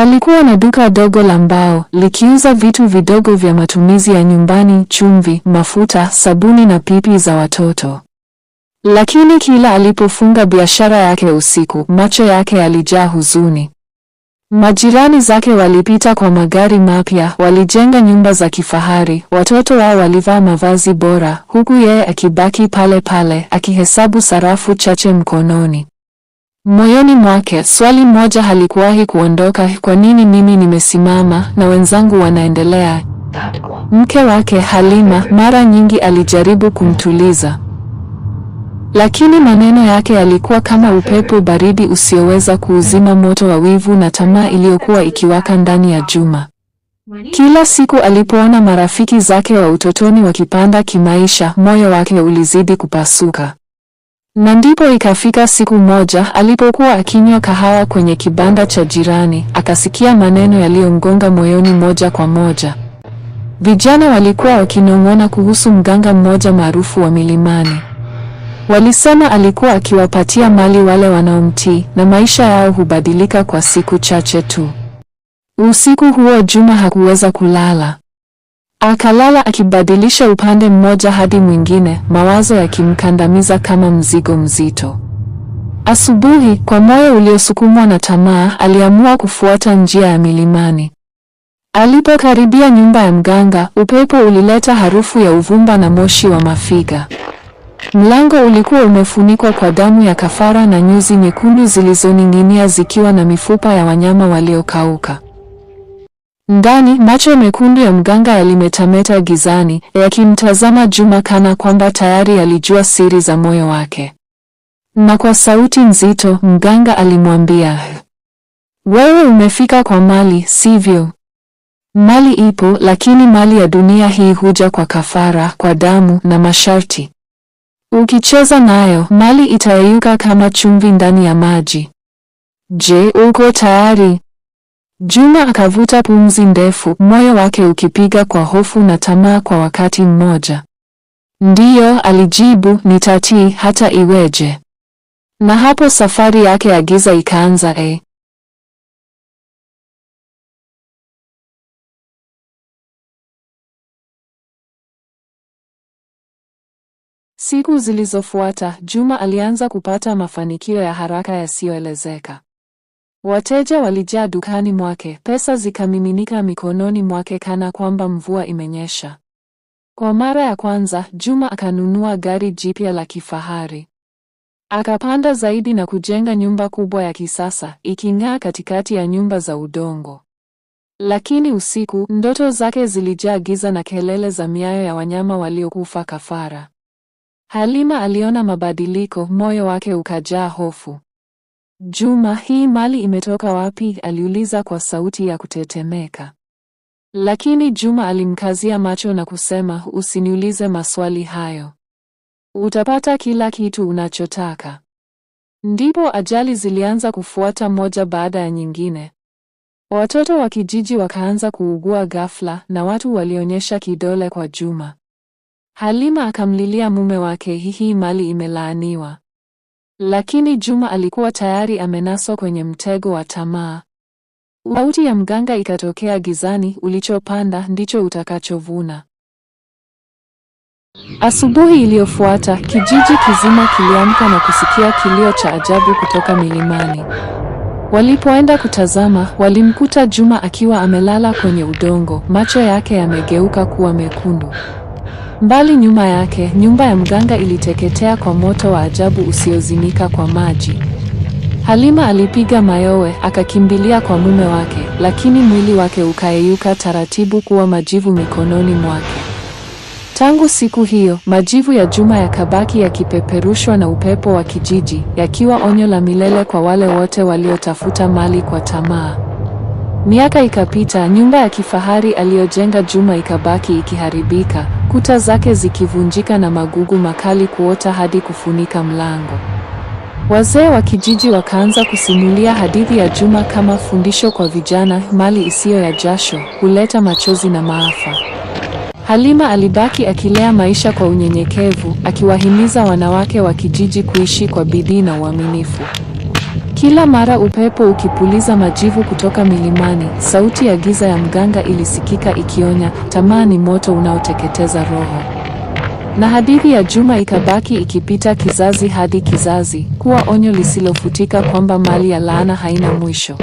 Alikuwa na duka dogo la mbao likiuza vitu vidogo vya matumizi ya nyumbani: chumvi, mafuta, sabuni na pipi za watoto. Lakini kila alipofunga biashara yake usiku, macho yake yalijaa huzuni. Majirani zake walipita kwa magari mapya, walijenga nyumba za kifahari, watoto wao walivaa mavazi bora, huku yeye akibaki pale pale akihesabu sarafu chache mkononi. Moyoni mwake swali moja halikuwahi kuondoka: kwa nini mimi nimesimama na wenzangu wanaendelea? Mke wake Halima mara nyingi alijaribu kumtuliza, lakini maneno yake yalikuwa kama upepo baridi usioweza kuuzima moto wa wivu na tamaa iliyokuwa ikiwaka ndani ya Juma. Kila siku alipoona marafiki zake wa utotoni wakipanda kimaisha, moyo wake ulizidi kupasuka. Na ndipo ikafika siku moja alipokuwa akinywa kahawa kwenye kibanda cha jirani, akasikia maneno yaliyomgonga moyoni moja kwa moja. Vijana walikuwa wakinong'ona kuhusu mganga mmoja maarufu wa milimani. Walisema alikuwa akiwapatia mali wale wanaomtii na maisha yao hubadilika kwa siku chache tu. Usiku huo Juma hakuweza kulala. Akalala akibadilisha upande mmoja hadi mwingine, mawazo yakimkandamiza kama mzigo mzito. Asubuhi, kwa moyo uliosukumwa na tamaa, aliamua kufuata njia ya milimani. Alipokaribia nyumba ya mganga, upepo ulileta harufu ya uvumba na moshi wa mafiga. Mlango ulikuwa umefunikwa kwa damu ya kafara na nyuzi nyekundu zilizoning'inia zikiwa na mifupa ya wanyama waliokauka. Ndani, macho mekundu ya mganga yalimetameta gizani, yakimtazama Juma kana kwamba tayari alijua siri za moyo wake. Na kwa sauti nzito, mganga alimwambia, wewe umefika kwa mali, sivyo? Mali ipo, lakini mali ya dunia hii huja kwa kafara, kwa damu na masharti. Ukicheza nayo, mali itayeyuka kama chumvi ndani ya maji. Je, uko tayari? Juma akavuta pumzi ndefu, moyo wake ukipiga kwa hofu na tamaa kwa wakati mmoja. Ndiyo, alijibu, nitatii hata iweje. Na hapo safari yake ya giza ikaanza. E, siku zilizofuata Juma alianza kupata mafanikio ya haraka yasiyoelezeka. Wateja walijaa dukani mwake, pesa zikamiminika mikononi mwake kana kwamba mvua imenyesha. Kwa mara ya kwanza, Juma akanunua gari jipya la kifahari. Akapanda zaidi na kujenga nyumba kubwa ya kisasa, iking'aa katikati ya nyumba za udongo. Lakini usiku, ndoto zake zilijaa giza na kelele za miayo ya wanyama waliokufa kafara. Halima aliona mabadiliko, moyo wake ukajaa hofu. Juma, hii mali imetoka wapi? aliuliza kwa sauti ya kutetemeka. Lakini Juma alimkazia macho na kusema, usiniulize maswali hayo, utapata kila kitu unachotaka. Ndipo ajali zilianza kufuata moja baada ya nyingine. Watoto wa kijiji wakaanza kuugua ghafla na watu walionyesha kidole kwa Juma. Halima akamlilia mume wake, hii mali imelaaniwa. Lakini Juma alikuwa tayari amenaswa kwenye mtego wa tamaa. Sauti ya mganga ikatokea gizani, ulichopanda ndicho utakachovuna. Asubuhi iliyofuata kijiji kizima kiliamka na kusikia kilio cha ajabu kutoka milimani. Walipoenda kutazama, walimkuta Juma akiwa amelala kwenye udongo, macho yake yamegeuka kuwa mekundu. Mbali nyuma yake, nyumba ya mganga iliteketea kwa moto wa ajabu usiozimika kwa maji. Halima alipiga mayowe, akakimbilia kwa mume wake, lakini mwili wake ukayeyuka taratibu kuwa majivu mikononi mwake. Tangu siku hiyo, majivu ya Juma yakabaki yakipeperushwa na upepo wa kijiji, yakiwa onyo la milele kwa wale wote waliotafuta mali kwa tamaa. Miaka ikapita, nyumba ya kifahari aliyojenga Juma ikabaki ikiharibika, kuta zake zikivunjika na magugu makali kuota hadi kufunika mlango. Wazee wa kijiji wakaanza kusimulia hadithi ya Juma kama fundisho kwa vijana: mali isiyo ya jasho huleta machozi na maafa. Halima alibaki akilea maisha kwa unyenyekevu, akiwahimiza wanawake wa kijiji kuishi kwa bidii na uaminifu. Kila mara upepo ukipuliza majivu kutoka milimani, sauti ya giza ya mganga ilisikika ikionya, tamaa ni moto unaoteketeza roho. Na hadithi ya Juma ikabaki ikipita kizazi hadi kizazi, kuwa onyo lisilofutika kwamba mali ya laana haina mwisho.